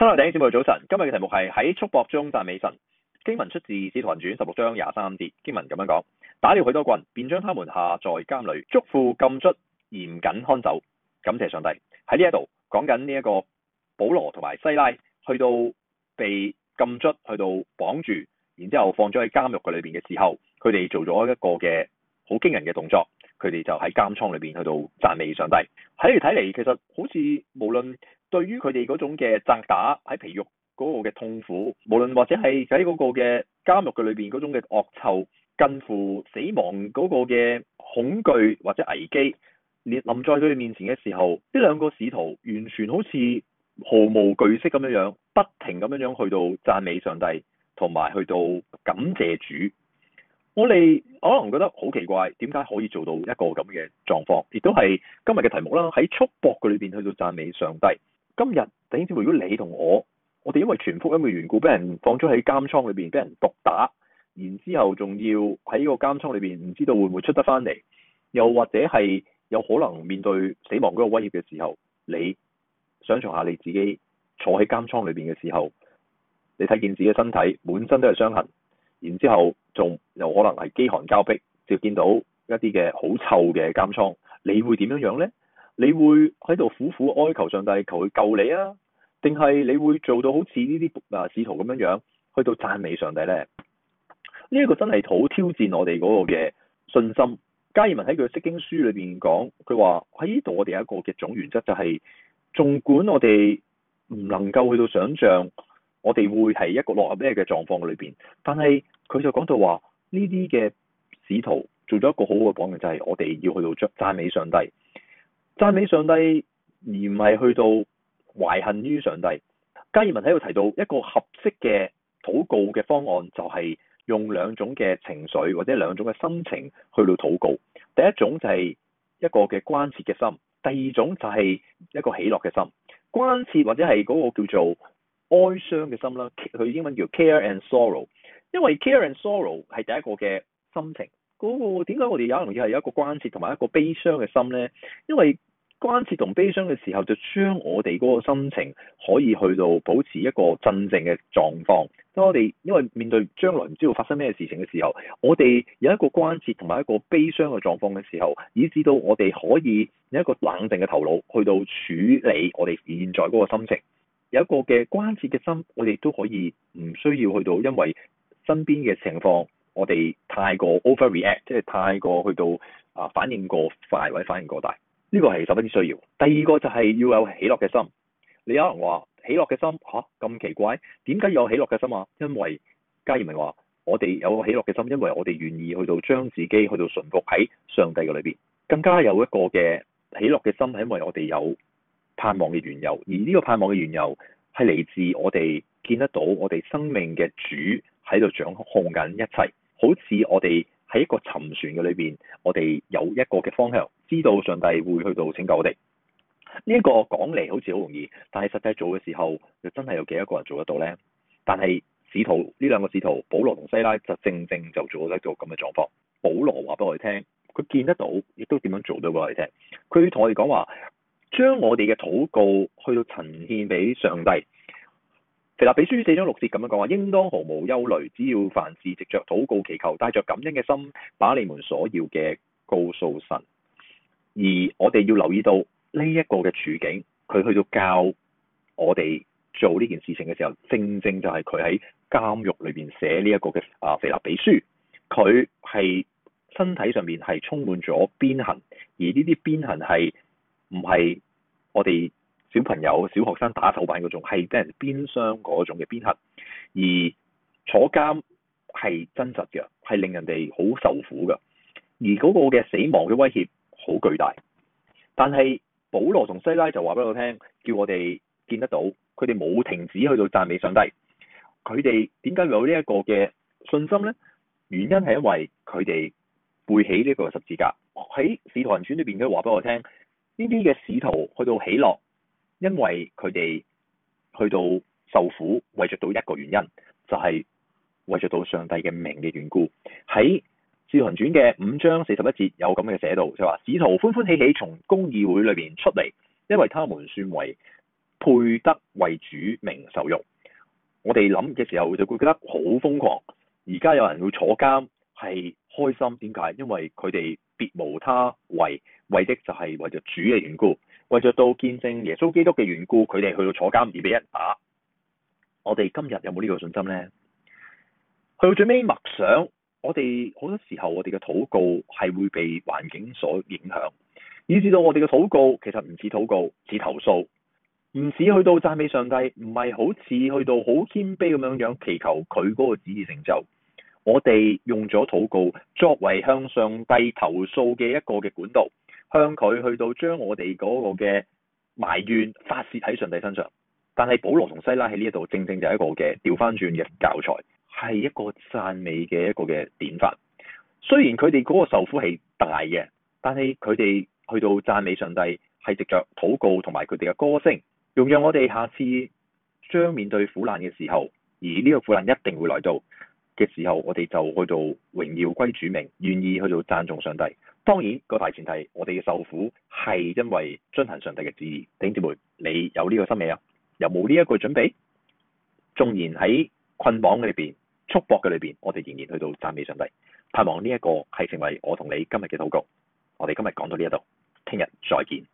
親愛的弟兄姊妹，早晨。今日嘅題目係喺束縛中讚美神。經文出自《使徒行傳》十六章廿三節，經文咁樣講：打了許多棍，便將他們下在監裏，囑咐禁卒，嚴緊看守。感謝上帝。喺呢一度講緊呢一個保羅同埋西拉去到被禁卒去到綁住，然之後放咗喺監獄嘅裏邊嘅時候，佢哋做咗一個嘅好驚人嘅動作。佢哋就喺監倉裏邊去到讚美上帝。喺你睇嚟，其實好似無論。對於佢哋嗰種嘅責打喺皮肉嗰個嘅痛苦，無論或者係喺嗰個嘅監獄嘅裏邊嗰種嘅惡臭、近乎死亡嗰個嘅恐懼或者危機，連臨在佢哋面前嘅時候，呢兩個使徒完全好似毫無懼色咁樣樣，不停咁樣樣去到讚美上帝，同埋去到感謝主。我哋可能覺得好奇怪，點解可以做到一個咁嘅狀況？亦都係今日嘅題目啦，喺束縛嘅裏邊去到讚美上帝。今日等於如果你同我，我哋因為全福音嘅緣故，俾人放咗喺監倉裏邊，俾人毒打，然之後仲要喺個監倉裏邊，唔知道會唔會出得翻嚟，又或者係有可能面對死亡嗰個威脅嘅時候，你想象下你自己坐喺監倉裏邊嘅時候，你睇見自己的身體滿身都係傷痕，然之後仲又可能係飢寒交迫，就見到一啲嘅好臭嘅監倉，你會點樣樣呢？你會喺度苦苦哀求上帝，求佢救你啊？定係你會做到好似呢啲啊使徒咁樣樣，去到讚美上帝咧？呢一個真係好挑戰我哋嗰個嘅信心。加爾文喺佢釋經書裏邊講，佢話喺呢度我哋有一個嘅總原則就係，縱管我哋唔能夠去到想象我哋會係一個落入咩嘅狀況裏邊，但係佢就講到話呢啲嘅使徒做咗一個好好嘅榜樣，就係我哋要去到將讚美上帝。讚美上帝，而唔係去到懷恨於上帝。嘉爾文喺度提到一個合適嘅禱告嘅方案，就係用兩種嘅情緒或者兩種嘅心情去到禱告。第一種就係一個嘅關切嘅心，第二種就係一個喜樂嘅心。關切或者係嗰個叫做哀傷嘅心啦，佢英文叫 care and sorrow。因為 care and sorrow 係第一個嘅心情。嗰個點解我哋有可能要係有一個關切同埋一個悲傷嘅心呢？因為關切同悲傷嘅時候，就將我哋嗰個心情可以去到保持一個鎮靜嘅狀況。當我哋因為面對將來唔知道發生咩事情嘅時候，我哋有一個關切同埋一個悲傷嘅狀況嘅時候，以至到我哋可以有一個冷靜嘅頭腦去到處理我哋現在嗰個心情。有一個嘅關切嘅心，我哋都可以唔需要去到因為身邊嘅情況，我哋太過 overreact，即係太過去到啊反應過快或者反應過大。呢、這個係十分之需要。第二個就係要有喜樂嘅心。你有人話喜樂嘅心吓，咁、啊、奇怪，點解要有喜樂嘅心啊？因為加爾文話我哋有喜樂嘅心，因為我哋願意去到將自己去到順服喺上帝嘅裏邊，更加有一個嘅喜樂嘅心，係因為我哋有盼望嘅緣由。而呢個盼望嘅緣由係嚟自我哋見得到我哋生命嘅主喺度掌控緊一切，好似我哋喺一個沉船嘅裏邊，我哋有一個嘅方向。知道上帝會去到拯救我哋。呢一個講嚟好似好容易，但係實際做嘅時候，又真係有幾多個人做得到呢？但係使徒呢兩個使徒，保羅同西拉就正正就做得到咁嘅狀況。保羅話俾我哋聽，佢見得到，亦都點樣做到俾我哋聽。佢同我哋講話，將我哋嘅禱告去到呈獻俾上帝。腓立比書四章六節咁樣講話，應當毫無憂慮，只要凡事藉著禱告祈求，帶着感恩嘅心，把你們所要嘅告訴神。而我哋要留意到呢一個嘅處境，佢去到教我哋做呢件事情嘅時候，正正就係佢喺監獄裏面寫呢一個嘅啊腓立比書，佢係身體上面係充滿咗鞭痕，而呢啲鞭痕係唔係我哋小朋友小學生打手板嗰種，係俾人鞭傷嗰種嘅鞭痕，而坐監係真實嘅，係令人哋好受苦噶，而嗰個嘅死亡嘅威脅，好巨大，但係保羅同西拉就話俾我聽，叫我哋見得到，佢哋冇停止去到讚美上帝。佢哋點解有呢一個嘅信心呢？原因係因為佢哋背起呢個十字架。喺《使徒行傳》裏邊都話俾我聽，呢啲嘅使徒去到喜樂，因為佢哋去到受苦，為著到一個原因，就係、是、為著到上帝嘅名嘅緣故。喺《使徒行傳》嘅五章四十一節有咁嘅寫道，就話、是、使徒歡歡喜喜從公議會裏邊出嚟，因為他們算為配得為主名受辱。我哋諗嘅時候就會覺得好瘋狂。而家有人要坐監係開心，點解？因為佢哋別無他為，為的就係為著主嘅緣故，為咗到見證耶穌基督嘅緣故，佢哋去到坐監而俾一打。我哋今日有冇呢個信心呢？去到最尾默想。我哋好多時候，我哋嘅禱告係會被環境所影響，以至到我哋嘅禱告，其實唔似禱告，似投訴，唔似去到讚美上帝，唔係好似去到好謙卑咁樣樣祈求佢嗰個旨意成就。我哋用咗禱告作為向上帝投訴嘅一個嘅管道，向佢去到將我哋嗰個嘅埋怨發泄喺上帝身上。但係保羅同西拉喺呢一度，正正就係一個嘅調翻轉嘅教材。係一個讚美嘅一個嘅典範，雖然佢哋嗰個受苦係大嘅，但係佢哋去到讚美上帝，係藉着禱告同埋佢哋嘅歌聲，容讓我哋下次將面對苦難嘅時候，而呢個苦難一定會來到嘅時候，我哋就去做榮耀歸主名，願意去做讚頌上帝。當然，個大前提，我哋嘅受苦係因為遵行上帝嘅旨意。弟兄姊妹，你有呢個心理啊？有冇呢一個準備？縱然喺捆綁裏邊。束縛嘅裏邊，我哋仍然去到讚美上帝，盼望呢一個係成為我同你今日嘅禱告。我哋今日講到呢一度，聽日再見。